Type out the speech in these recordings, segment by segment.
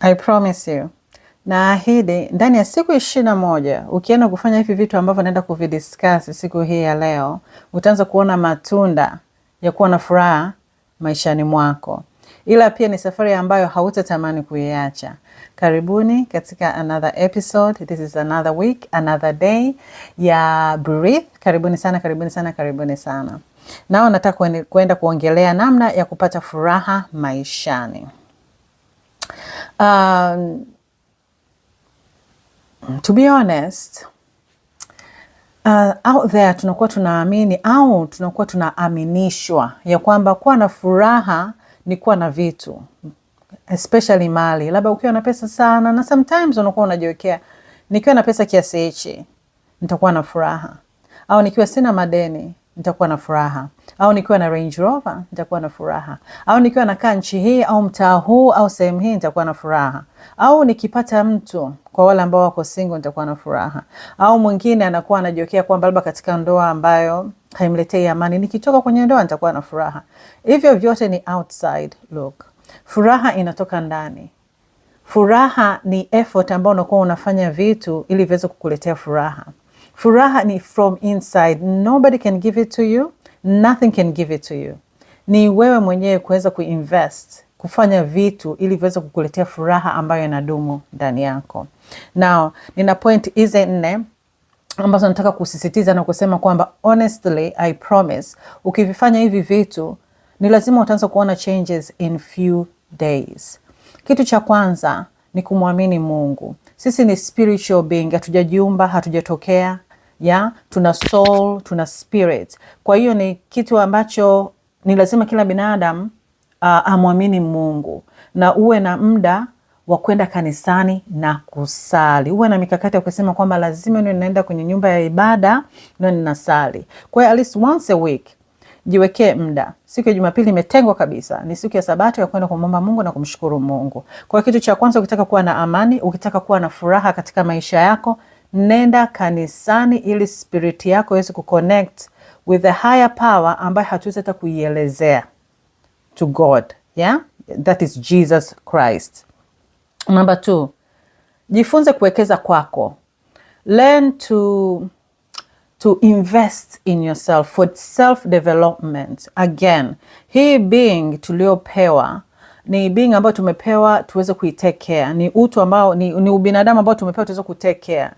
I promise you, naahidi ndani ya siku ishirini na moja ukienda kufanya hivi vitu ambavyo naenda kuvidiskasi siku hii ya leo, utaanza kuona matunda ya kuwa na furaha maishani mwako, ila pia ni safari ambayo hautatamani kuiacha. Karibuni katika another episode. This is another week, another day ya Breathe. Karibuni sana, karibuni sana, karibuni sana. Nao nataka kuenda kuongelea namna ya kupata furaha maishani. Um, to be honest uh, out there tunakuwa tunaamini au tunakuwa tunaaminishwa ya kwamba kuwa na furaha ni kuwa na vitu especially mali, labda ukiwa na pesa sana, na sometimes unakuwa unajiwekea, nikiwa na pesa kiasi hichi nitakuwa na furaha, au nikiwa sina madeni nitakuwa na furaha, au nikiwa na Range Rover nitakuwa na furaha, au nikiwa nakaa nchi hii au mtaa huu au sehemu hii nitakuwa na furaha, au nikipata mtu, kwa wale ambao wako single, nitakuwa na furaha. Au mwingine anakuwa anajiokea kwamba labda katika ndoa ambayo haimletei amani, nikitoka kwenye ndoa nitakuwa na furaha. Hivyo vyote ni outside look. Furaha inatoka ndani. Furaha ni effort ambayo unakuwa unafanya vitu ili viweze kukuletea furaha. Furaha ni from inside, nobody can give it to you, nothing can give it to you. Ni wewe mwenyewe kuweza kuinvest kufanya vitu ili viweze kukuletea furaha ambayo inadumu ndani yako. Now, nina point hizi nne ambazo nataka kusisitiza na kusema kwamba honestly I promise, ukivifanya hivi vitu ni lazima utaanza kuona changes in few days. Kitu cha kwanza ni kumwamini Mungu. Sisi ni spiritual being, hatujajiumba, hatujatokea ya tuna soul, tuna spirit. Kwa hiyo ni kitu ambacho ni lazima kila binadamu uh, ah, amwamini Mungu na uwe na muda wa kwenda kanisani na kusali. Uwe na mikakati ya kusema kwamba lazima niwe ninaenda kwenye nyumba ya ibada na ninasali. Kwa hiyo at least once a week jiwekee muda. Siku ya Jumapili imetengwa kabisa, ni siku ya Sabato ya kwenda kumwomba Mungu na kumshukuru Mungu. Kwa kitu cha kwanza, ukitaka kuwa na amani, ukitaka kuwa na furaha katika maisha yako, nenda kanisani ili spirit yako iweze kuconnect with the higher power ambayo hatuwezi hata kuielezea to God yeah? That is Jesus Christ. Number two, jifunze kuwekeza kwako. Learn to to invest in yourself for self development. Again, hii being tuliopewa ni being ambayo tumepewa tuweze kuitake care, ni utu ambao ni, ni ubinadamu ambao tumepewa tuweze kutake care.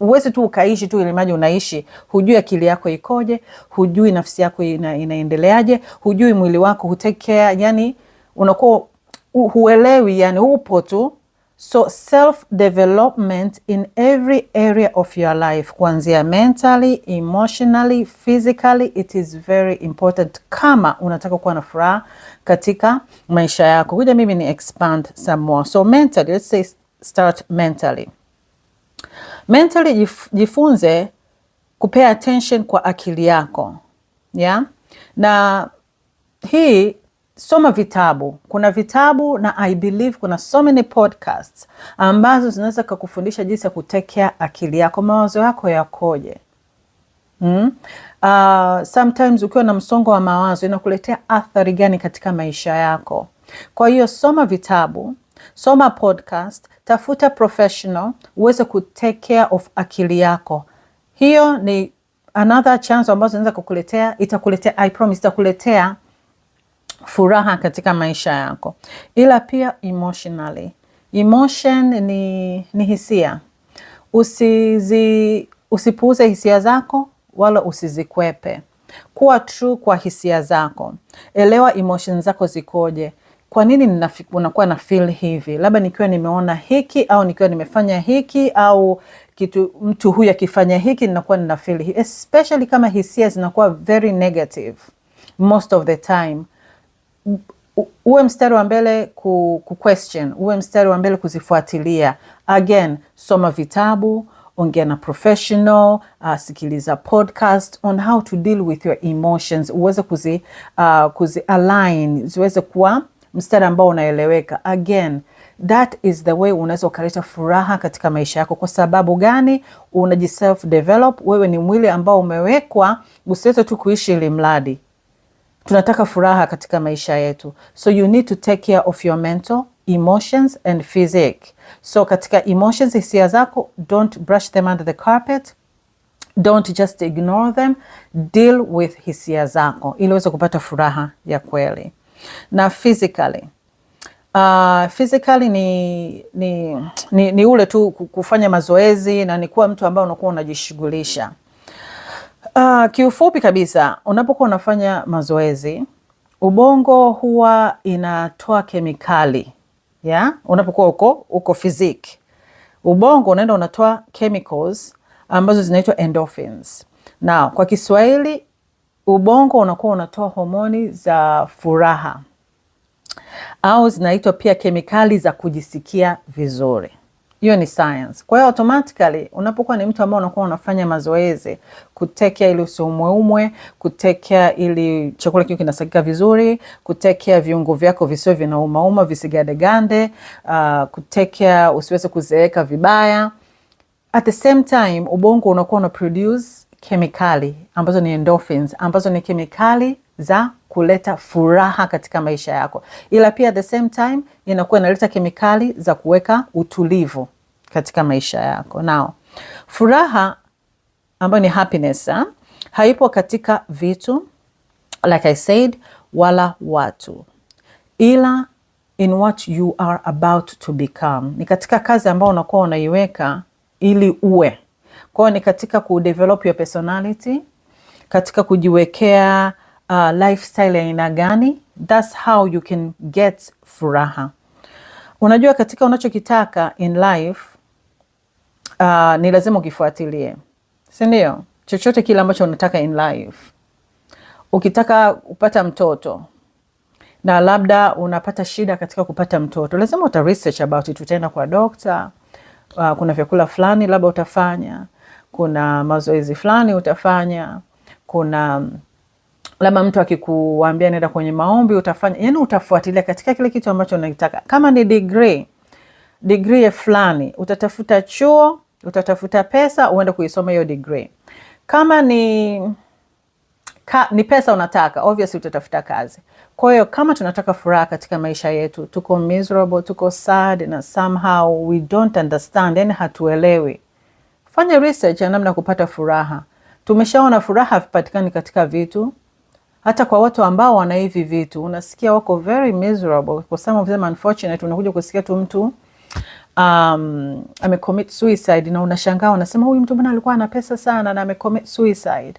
Uwezi tu ukaishi tu ilimaji unaishi, hujui akili yako ikoje, hujui nafsi yako ina, inaendeleaje, hujui mwili wako hutake care, yani unakuwa huelewi, yani upo tu So self development in every area of your life kuanzia mentally, emotionally, physically it is very important kama unataka kuwa na furaha katika maisha yako. Kuja mimi ni expand some more. So mentally, let's say start mentally. Mentally jif, jifunze kupea attention kwa akili yako. Yeah? Na hii soma vitabu. Kuna vitabu na I believe kuna so many podcasts ambazo zinaweza kukufundisha jinsi ya kutekea akili yako, mawazo yako yakoje. Mm. Uh, sometimes ukiwa na msongo wa mawazo inakuletea athari gani katika maisha yako? Kwa hiyo soma vitabu, soma podcast, tafuta professional uweze kutake care of akili yako. Hiyo ni another chance ambazo inaweza kukuletea, itakuletea I promise, itakuletea furaha katika maisha yako, ila pia emotionally. Emotion ni, ni hisia. Usizi, usipuuze hisia zako wala usizikwepe. Kuwa true kwa hisia zako, elewa emotion zako zikoje. Kwa nini unakuwa na feel hivi? Labda nikiwa nimeona hiki au nikiwa nimefanya hiki au kitu mtu huyu akifanya hiki ninakuwa nina feel hivi, especially kama hisia zinakuwa very negative most of the time uwe mstari wa mbele ku, question, uwe mstari wa mbele kuzifuatilia. Again, soma vitabu, ongea na professional, uh, sikiliza podcast on how to deal with your emotions, uweze kuzi, uh, kuzi align ziweze kuwa mstari ambao unaeleweka. Again, that is the way unaweza ukaleta furaha katika maisha yako. Kwa sababu gani? Unajiself develop, wewe ni mwili ambao umewekwa usiweze tu kuishi ili mradi tunataka furaha katika maisha yetu, so you need to take care of your mental emotions and physic. So katika emotions, hisia zako, don't brush them under the carpet, don't just ignore them, deal with hisia zako ili uweze kupata furaha ya kweli. Na physically Uh, physically ni, ni, ni, ni ule tu kufanya mazoezi na ni kuwa mtu ambaye unakuwa unajishughulisha. Uh, kiufupi kabisa, unapokuwa unafanya mazoezi ubongo huwa inatoa kemikali ya unapokuwa uko uko fiziki, ubongo unaenda unatoa chemicals ambazo zinaitwa endorphins. Na kwa Kiswahili ubongo unakuwa unatoa homoni za furaha au zinaitwa pia kemikali za kujisikia vizuri hiyo ni science. Kwa hiyo automatically unapokuwa ni mtu ambaye unakuwa unafanya mazoezi kutekea ili usiumweumwe, kutekea ili chakula kio kinasagika vizuri, kutekea viungo vyako visio vinaumauma visigandegande, uh, kutekea usiweze kuzeeka vibaya. At the same time ubongo unakuwa una produce kemikali ambazo ni endorphins ambazo ni kemikali za kuleta furaha katika maisha yako, ila pia at the same time inakuwa inaleta kemikali za kuweka utulivu katika maisha yako. Nao furaha ambayo ni happiness ha? Ah, haipo katika vitu like I said, wala watu, ila in what you are about to become, ni katika kazi ambayo unakuwa unaiweka ili uwe kwao, ni katika kudevelop your personality, katika kujiwekea uh, lifestyle ya aina gani, that's how you can get furaha. Unajua, katika unachokitaka in life uh, ni lazima ukifuatilie, si ndio? Chochote kile ambacho unataka in life, ukitaka kupata mtoto na labda unapata shida katika kupata mtoto, lazima uta research about it. Utaenda kwa dokta uh, kuna vyakula fulani labda utafanya, kuna mazoezi fulani utafanya, kuna labda mtu akikuambia nenda kwenye maombi utafanya, yani utafuatilia katika kile kitu ambacho unakitaka. Kama ni degree, degree fulani utatafuta chuo, utatafuta pesa uende kuisoma hiyo degree. Kama ni ka, ni pesa unataka, obviously utatafuta kazi. Kwa hiyo kama tunataka furaha katika maisha yetu, tuko miserable, tuko sad na somehow we don't understand, yani hatuelewi, fanya research ya namna kupata furaha. Tumeshaona furaha havipatikani katika vitu hata kwa watu ambao wana hivi vitu unasikia wako very miserable. kwa some of them unfortunate, unakuja kusikia tu mtu um, ame commit suicide na unashangaa unasema, huyu mtu mbona alikuwa ana pesa sana na ame commit suicide.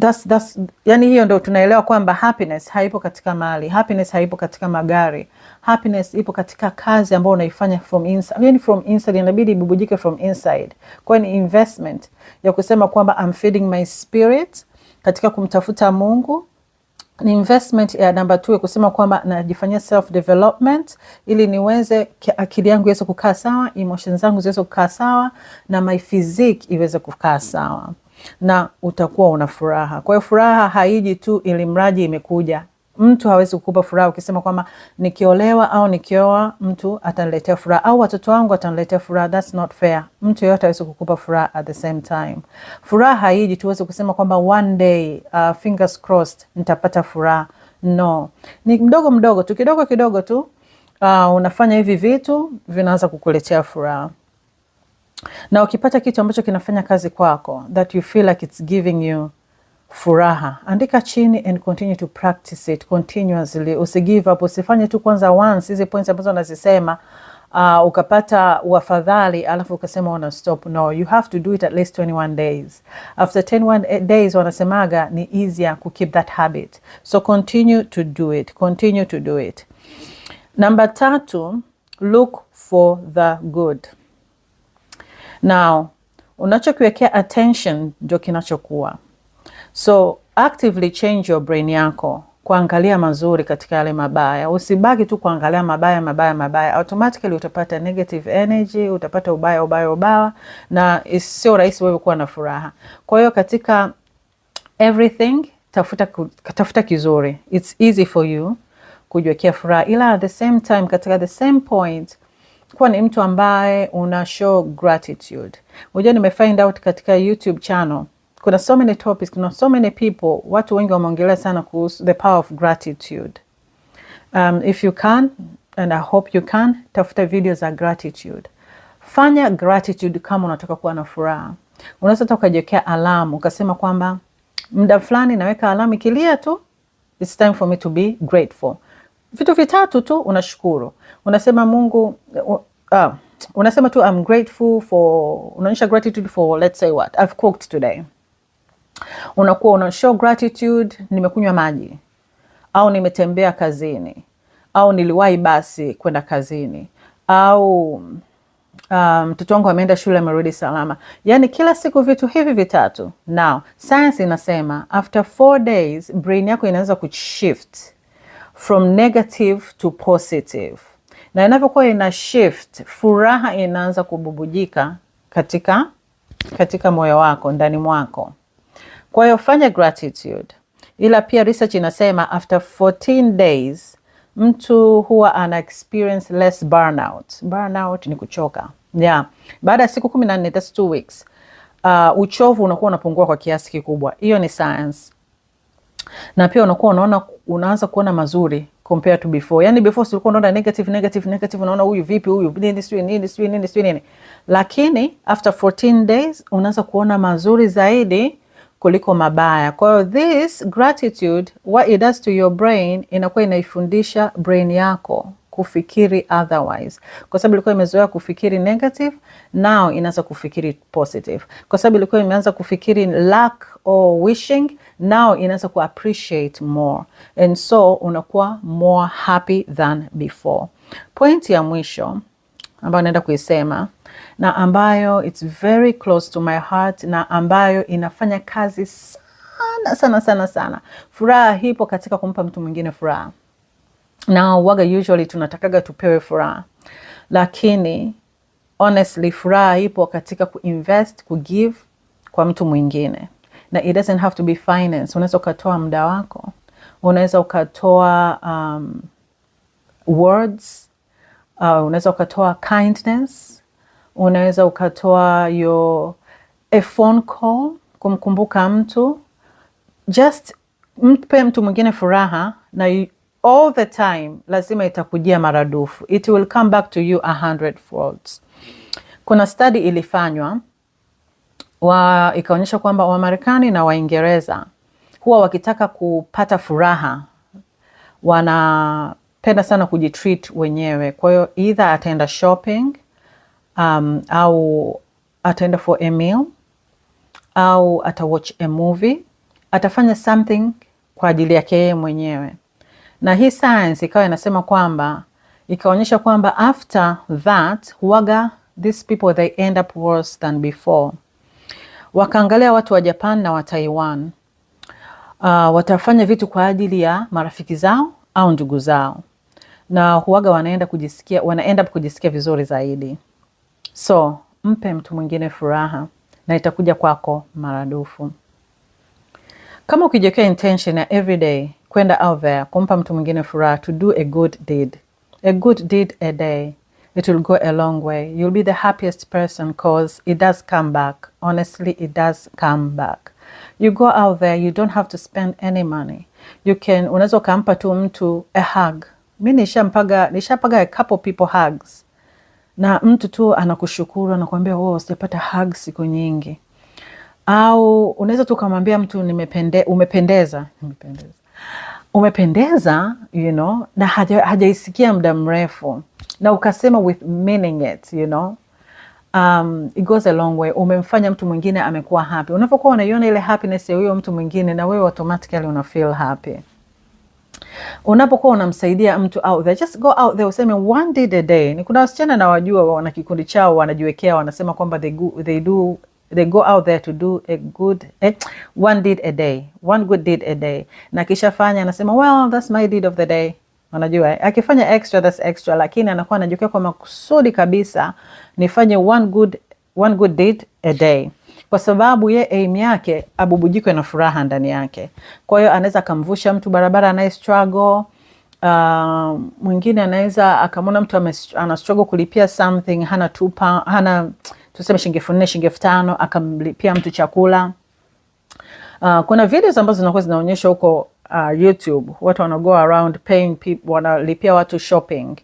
That's, that's, yani hiyo ndio tunaelewa kwamba happiness haipo katika mali, happiness haipo katika magari, happiness ipo katika kazi ambayo unaifanya from inside. Yani from inside inabidi ibubujike from inside, kwa ni investment ya kusema kwamba I'm feeding my spirit katika kumtafuta Mungu ni investment ya namba 2 kusema kwamba najifanyia self development ili niweze akili yangu iweze kukaa sawa, emotions zangu ziweze kukaa sawa, na my physique iweze kukaa sawa, na utakuwa una furaha. Kwa hiyo furaha haiji tu ili mradi imekuja, mtu hawezi kukupa furaha ukisema kwamba nikiolewa au nikioa mtu ataniletea furaha au watoto wangu ataniletea furaha. That's not fair. Mtu yoyote hawezi kukupa furaha at the same time. Furaha haiji tuweze kusema kwamba one day, uh, fingers crossed nitapata furaha. No, ni mdogo mdogo tu, kidogo kidogo tu, uh, unafanya hivi vitu vinaanza kukuletea furaha na ukipata kitu ambacho kinafanya kazi kwako, that you feel like it's giving you furaha. Andika chini and continue to practice it continuously. Usigive up, usifanye tu kwanza once hizi points ambazo nazisema uh, ukapata wafadhali alafu ukasema una stop. No, you have to do it at least 21 days. After 21 eh, days wanasemaga ni easier ku keep that habit, so continue to do it, continue to do it. Number tatu, look for the good. Now unachokiwekea attention ndio kinachokuwa So actively change your brain yako kuangalia mazuri katika yale mabaya. Usibaki tu kuangalia mabaya mabaya mabaya, automatically utapata negative energy, utapata ubaya ubaya ubaya, na sio rahisi wewe kuwa na furaha. Kwa hiyo katika everything tafuta, tafuta kizuri, it's easy for you kujiwekea furaha, ila at the same time, katika the same point kuwa ni mtu ambaye una show gratitude. Unajua, nimefind out katika YouTube channel kuna so many topics, kuna so many people, watu wengi wameongelea sana kuhusu the power of gratitude. Um, if you can and I hope you can, tafuta video za gratitude. Fanya gratitude kama unataka kuwa na furaha. Unaweza hata ukajiwekea alamu ukasema kwamba muda fulani naweka alamu ikilia tu, it's time for me to be grateful. Vitu vitatu tu unashukuru, unasema Mungu uh, unasema tu I'm grateful for, unaonyesha gratitude for let's say what I've cooked today unakuwa una show gratitude, nimekunywa maji au nimetembea kazini au niliwahi basi kwenda kazini au um, mtoto um, wangu ameenda shule amerudi salama. yani kila siku vitu hivi vitatu. Now science inasema after four days brain yako inaweza kushift from negative to positive, na inavyokuwa ina shift, furaha inaanza kububujika katika katika moyo wako, ndani mwako. Kwa hiyo fanya gratitude, ila pia research inasema after 14 days mtu huwa ana experience less burnout. Burnout ni kuchoka yeah. Baada ya siku kumi na nne that's two weeks uh, uchovu unakuwa unapungua kwa kiasi kikubwa. Hiyo ni science, na pia unakuwa unaona unaanza kuona mazuri compared to before. Yani before ulikuwa unaona negative negative negative, unaona huyu vipi, huyu nini, sio nini, sio nini, sio nini, lakini after 14 days unaanza kuona mazuri zaidi kuliko mabaya. Kwa hiyo this gratitude what it does to your brain, inakuwa inaifundisha brain yako kufikiri otherwise, kwa sababu ilikuwa imezoea kufikiri negative, now inaanza kufikiri positive, kwa sababu ilikuwa imeanza kufikiri lack or wishing, now inaanza ku appreciate more, and so unakuwa more happy than before. Point ya mwisho ambayo naenda kuisema na ambayo it's very close to my heart na ambayo inafanya kazi sana sana sana sana. Furaha hipo katika kumpa mtu mwingine furaha, na waga usually tunatakaga tupewe furaha, lakini honestly furaha ipo katika kuinvest, kugive kwa mtu mwingine, na it doesn't have to be finance. Unaweza ukatoa muda wako, unaweza ukatoa um, words uh, unaweza ukatoa kindness unaweza ukatoa yo a phone call kumkumbuka mtu just mpe mtu mwingine furaha na all the time lazima itakujia maradufu, it will come back to you a hundred folds. Kuna study ilifanywa wa ikaonyesha kwamba Wamarekani na Waingereza huwa wakitaka kupata furaha wanapenda sana kujitreat wenyewe. Kwa hiyo either ataenda shopping um, au ataenda for a meal au ata watch a movie, atafanya something kwa ajili yake yeye mwenyewe. Na hii science ikawa inasema kwamba ikaonyesha kwamba after that huaga these people they end up worse than before. Wakaangalia watu wa Japan na wa Taiwan uh, watafanya vitu kwa ajili ya marafiki zao au ndugu zao, na huaga wanaenda kujisikia, wanaenda kujisikia vizuri zaidi. So mpe mtu mwingine furaha na itakuja kwako maradufu. Kama ukijiwekea intention ya everyday kwenda out there kumpa mtu mwingine furaha, to do a good deed, a good deed a day, it will go a long way. You'll be the happiest person cause it does come back. Honestly, it does come back. You go out there, you don't have to spend any money. You can, unaweza ukampa tu mtu a hug. Mi nishampaga nishapaga a couple people hugs na mtu tu anakushukuru anakuambia, oh, sijapata hug siku nyingi, au unaweza tu ukamwambia mtu nimepende, umependeza, umependeza, umependeza you know, na hajaisikia haja muda mrefu, na ukasema with meaning it you know Um, it goes a long way. Umemfanya mtu mwingine amekuwa happy. Unapokuwa unaiona ile happiness ya huyo mtu mwingine, na wewe automatically una feel happy unapokuwa unamsaidia mtu out there, just go out there useme one deed a day. Ni kuna wasichana na wajua, wana kikundi chao wanajiwekea, wanasema kwamba they go, they do they go out there to do a good eh, one deed a day, one good deed a day, na kisha fanya, anasema well that's my deed of the day. Unajua, eh, akifanya extra that's extra, lakini anakuwa anajiwekea kwa makusudi kabisa, nifanye one good, one good deed a day kwa sababu ye aim yake abubujikwe na furaha ndani yake. Kwa hiyo anaweza akamvusha mtu barabara anaye struggle. Uh, mwingine anaweza akamwona mtu ana struggle kulipia something, hana tupa, hana tuseme shilingi elfu nne shilingi elfu tano akamlipia mtu chakula. Uh, kuna videos ambazo zinakuwa zinaonyesha huko uh, YouTube watu wana go around paying people, wanalipia watu shopping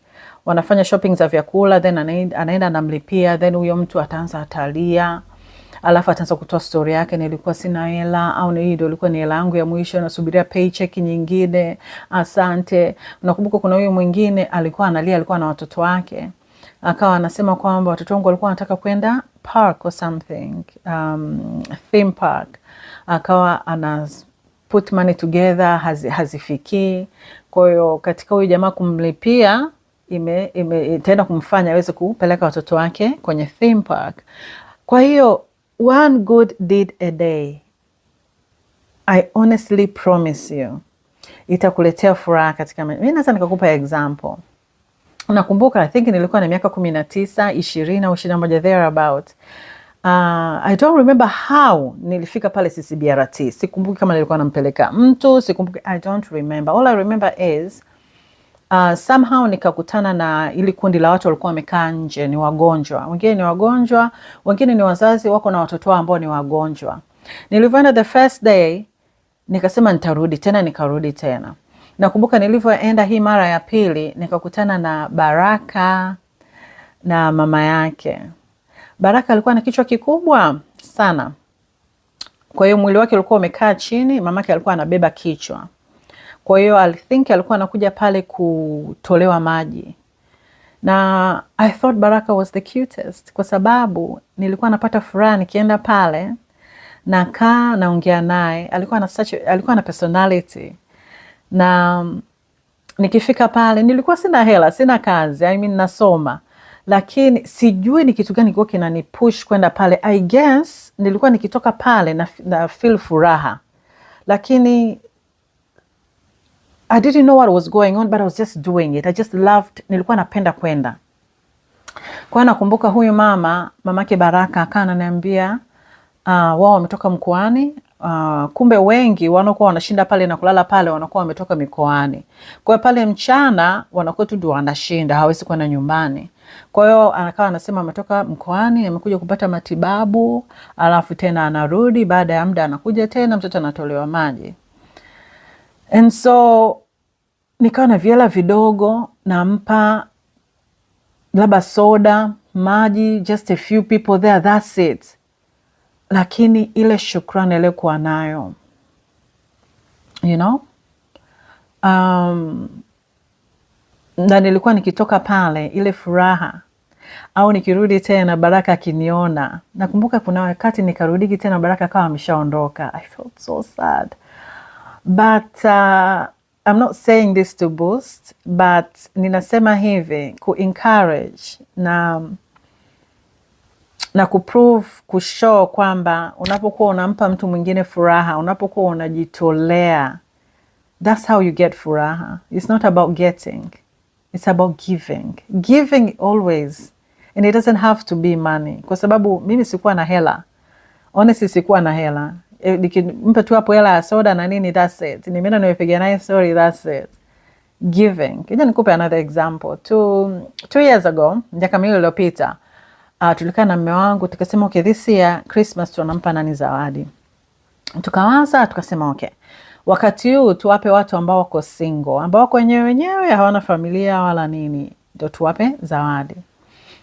wanafanya shopping za vyakula then anaenda anamlipia, then huyo mtu ataanza atalia alafu ataanza kutoa stori yake, nilikuwa sina hela, au ni hii ndio ilikuwa ni hela yangu ya mwisho, nasubiria paycheck nyingine, asante. Nakumbuka kuna huyu mwingine alikuwa analia, alikuwa na watoto wake, akawa anasema kwamba watoto wangu walikuwa wanataka kwenda park or something, um, theme park, akawa ana put money together, hazi, hazifikii. Kwa hiyo katika huyu jamaa kumlipia itaenda kumfanya aweze kupeleka watoto wake kwenye theme park. Kwa hiyo One good deed a day, I honestly promise you, itakuletea furaha katika maisha. Mimi naweza nikakupa example. Nakumbuka I think nilikuwa na miaka kumi na tisa ishirini au ishirini na moja there about Uh, I don't remember how nilifika pale CCBRT. Sikumbuki kama nilikuwa nampeleka mtu, sikumbuki I don't remember. All I remember is Uh, somehow nikakutana na ili kundi la watu walikuwa wamekaa nje, ni wagonjwa, wengine ni wagonjwa, wengine ni wazazi wako na watoto wao ambao ni wagonjwa. Nilivyoenda the first day nikasema nitarudi tena, nikarudi tena. Nakumbuka nilivyoenda hii mara ya pili nikakutana na Baraka na mama yake. Baraka alikuwa na kichwa kikubwa sana, kwa hiyo mwili wake ulikuwa umekaa chini, mamake alikuwa anabeba kichwa kwa hiyo I think alikuwa anakuja pale kutolewa maji na I thought Baraka was the cutest kwa sababu nilikuwa napata furaha nikienda pale, nakaa naongea naye, alikuwa na such, alikuwa na personality na mm, nikifika pale nilikuwa sina hela, sina kazi, I mean nasoma, lakini sijui ni kitu gani kilikuwa kinanipush kwenda pale. I guess nilikuwa nikitoka pale na, na feel furaha, lakini I didn't know what was going on but I was just doing it. I just loved, nilikuwa napenda kwenda. Kwa hiyo nakumbuka huyu mama, mamake Baraka akawa ananiambia uh, wao wametoka mkoani uh, kumbe wengi wanaokuwa wanashinda pale na kulala pale wanakuwa wametoka mikoani. Kwa hiyo pale mchana wanakuwa tu ndio wanashinda, hawezi kwenda nyumbani. Kwa hiyo anakaa anasema ametoka mkoani, amekuja kupata matibabu, alafu tena anarudi baada ya muda anakuja tena mtoto anatolewa maji. And so nikawa na viela vidogo nampa labda soda, maji, just a few people there, that's it. Lakini ile shukrani aliyokuwa nayo you know? Um, na nilikuwa nikitoka pale ile furaha au nikirudi tena Baraka akiniona, nakumbuka kuna wakati nikarudiki tena Baraka akawa ameshaondoka. I felt so sad but uh, I'm not saying this to boast but ninasema hivi ku encourage na na kuprove kushow kwamba unapokuwa unampa mtu mwingine furaha, unapokuwa unajitolea, that's how you get furaha. It's not about getting, it's about giving, giving always, and it doesn't have to be money, kwa sababu mimi sikuwa na hela, honestly sikuwa na hela e, nikimpa tu hapo hela ya soda na nini, that's it, nimeenda nimepiga naye story, that's it. Giving kija, nikupe another example. Two, two years ago, miaka miwili iliyopita, uh, tulikaa na mume wangu tukasema okay, this year Christmas tunampa nani zawadi. Tukawaza tukasema okay, wakati huu tuwape watu ambao wako single, ambao wako wenyewe wenyewe, hawana familia wala nini, ndio tuwape zawadi.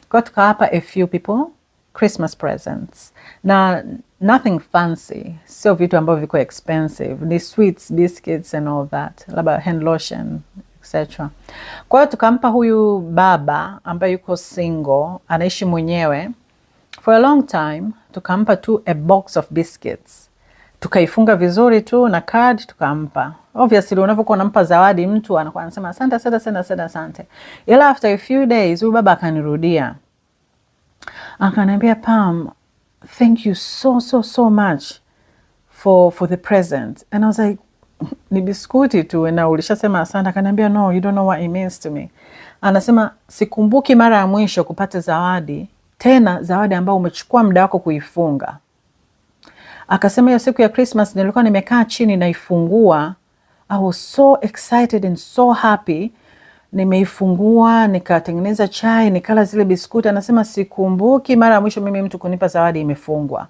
Kwa tukawapa a few people Christmas presents na nothing fancy, sio vitu ambavyo viko expensive, ni sweets, biscuits and all that, labda hand lotion etc. Kwa hiyo tukampa huyu baba ambaye yuko single, anaishi mwenyewe for a long time, tukampa tu a box of biscuits tukaifunga vizuri tu na card tukampa. Obviously, unapokuwa unampa zawadi mtu anakuwa anasema asante asante asante asante asante, ila after a few days huyu baba akanirudia akaniambia, Pam, thank you so so so much for for the present and I was like ni biskuti tu na ulishasema asante. Akaniambia no you don't know what it means to me. Anasema sikumbuki mara ya mwisho kupata zawadi, tena zawadi ambayo umechukua muda wako kuifunga. Akasema hiyo siku ya Christmas nilikuwa nimekaa chini naifungua, I was so excited and so happy nimeifungua nikatengeneza chai nikala zile biskuti. Anasema sikumbuki mara ya mwisho mimi mtu kunipa zawadi imefungwa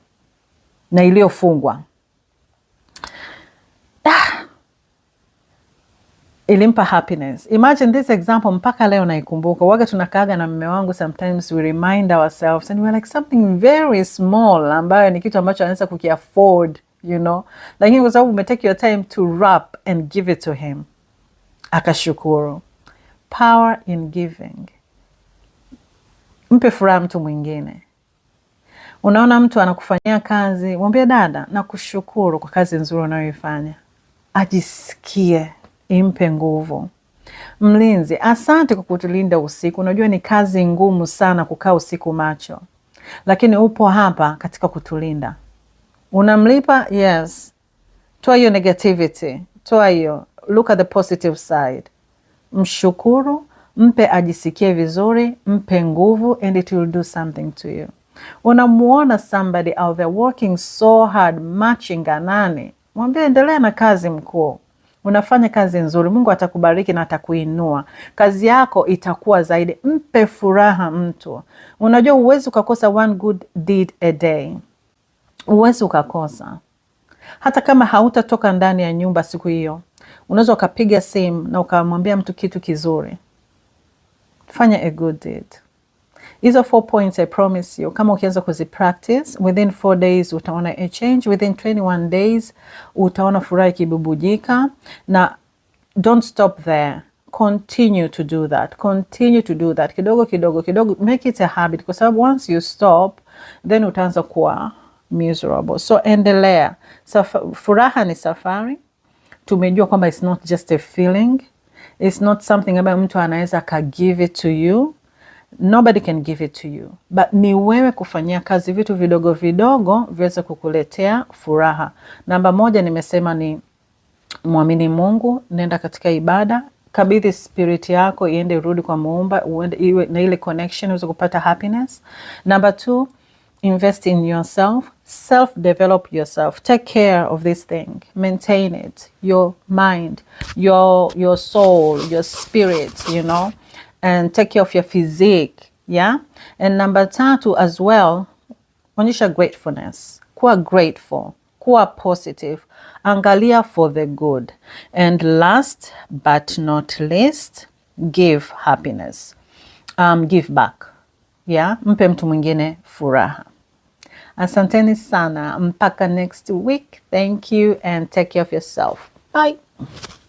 na iliyofungwa. Ah, ilimpa happiness. Imagine this example, mpaka leo naikumbuka. Waga tunakaaga na mume wangu, sometimes we remind ourselves and we're like something very small, ambayo ni kitu ambacho anaweza kukiafford you know, lakini kwa sababu umetake your time to wrap and give it to him, akashukuru power in giving. Mpe furaha mtu mwingine. Unaona mtu anakufanyia kazi, mwambie dada, nakushukuru kwa kazi nzuri unayoifanya, ajisikie, impe nguvu. Mlinzi, asante kwa kutulinda usiku. Unajua ni kazi ngumu sana kukaa usiku macho, lakini upo hapa katika kutulinda. Unamlipa? Yes. Toa hiyo negativity, toa hiyo, look at the positive side mshukuru, mpe ajisikie vizuri, mpe nguvu, and it will do something to you. Unamuona somebody out there working so hard, anani, mwambie endelea na kazi mkuu, unafanya kazi nzuri, Mungu atakubariki na atakuinua, kazi yako itakuwa zaidi. Mpe furaha mtu. Unajua uwezi ukakosa one good deed a day, uwezi ukakosa hata kama hautatoka ndani ya nyumba siku hiyo Unaweza ukapiga simu na ukamwambia mtu kitu kizuri, fanya a good deed. Hizo four points I promise you, kama ukianza kuzipractice within four days utaona a change, within 21 days utaona furaha ikibubujika. Na don't stop there, continue to do that, continue to do that, kidogo kidogo kidogo, make it a habit, kwa sababu once you stop then utaanza kuwa miserable. So endelea. furaha ni safari tumejua kwamba it's not just a feeling, it's not something ambayo mtu anaweza aka give it to you. Nobody can give it to you, but ni wewe kufanyia kazi vitu vidogo vidogo viweze kukuletea furaha. Namba moja nimesema ni mwamini Mungu, nenda katika ibada, kabidhi spirit yako iende, rudi kwa Muumba, uende, iwe na ile connection uweze kupata happiness. Namba two invest in yourself, self develop yourself, take care of this thing, maintain it, your mind, your your soul, your spirit, you know, and take care of your physique, yeah. And number tatu as well, onyesha gratefulness, kuwa grateful, kuwa positive, angalia for the good, and last but not least, give happiness, um, give back, yeah, mpe mtu mwingine furaha. Asanteni sana. Mpaka next week. Thank you and take care of yourself. Bye.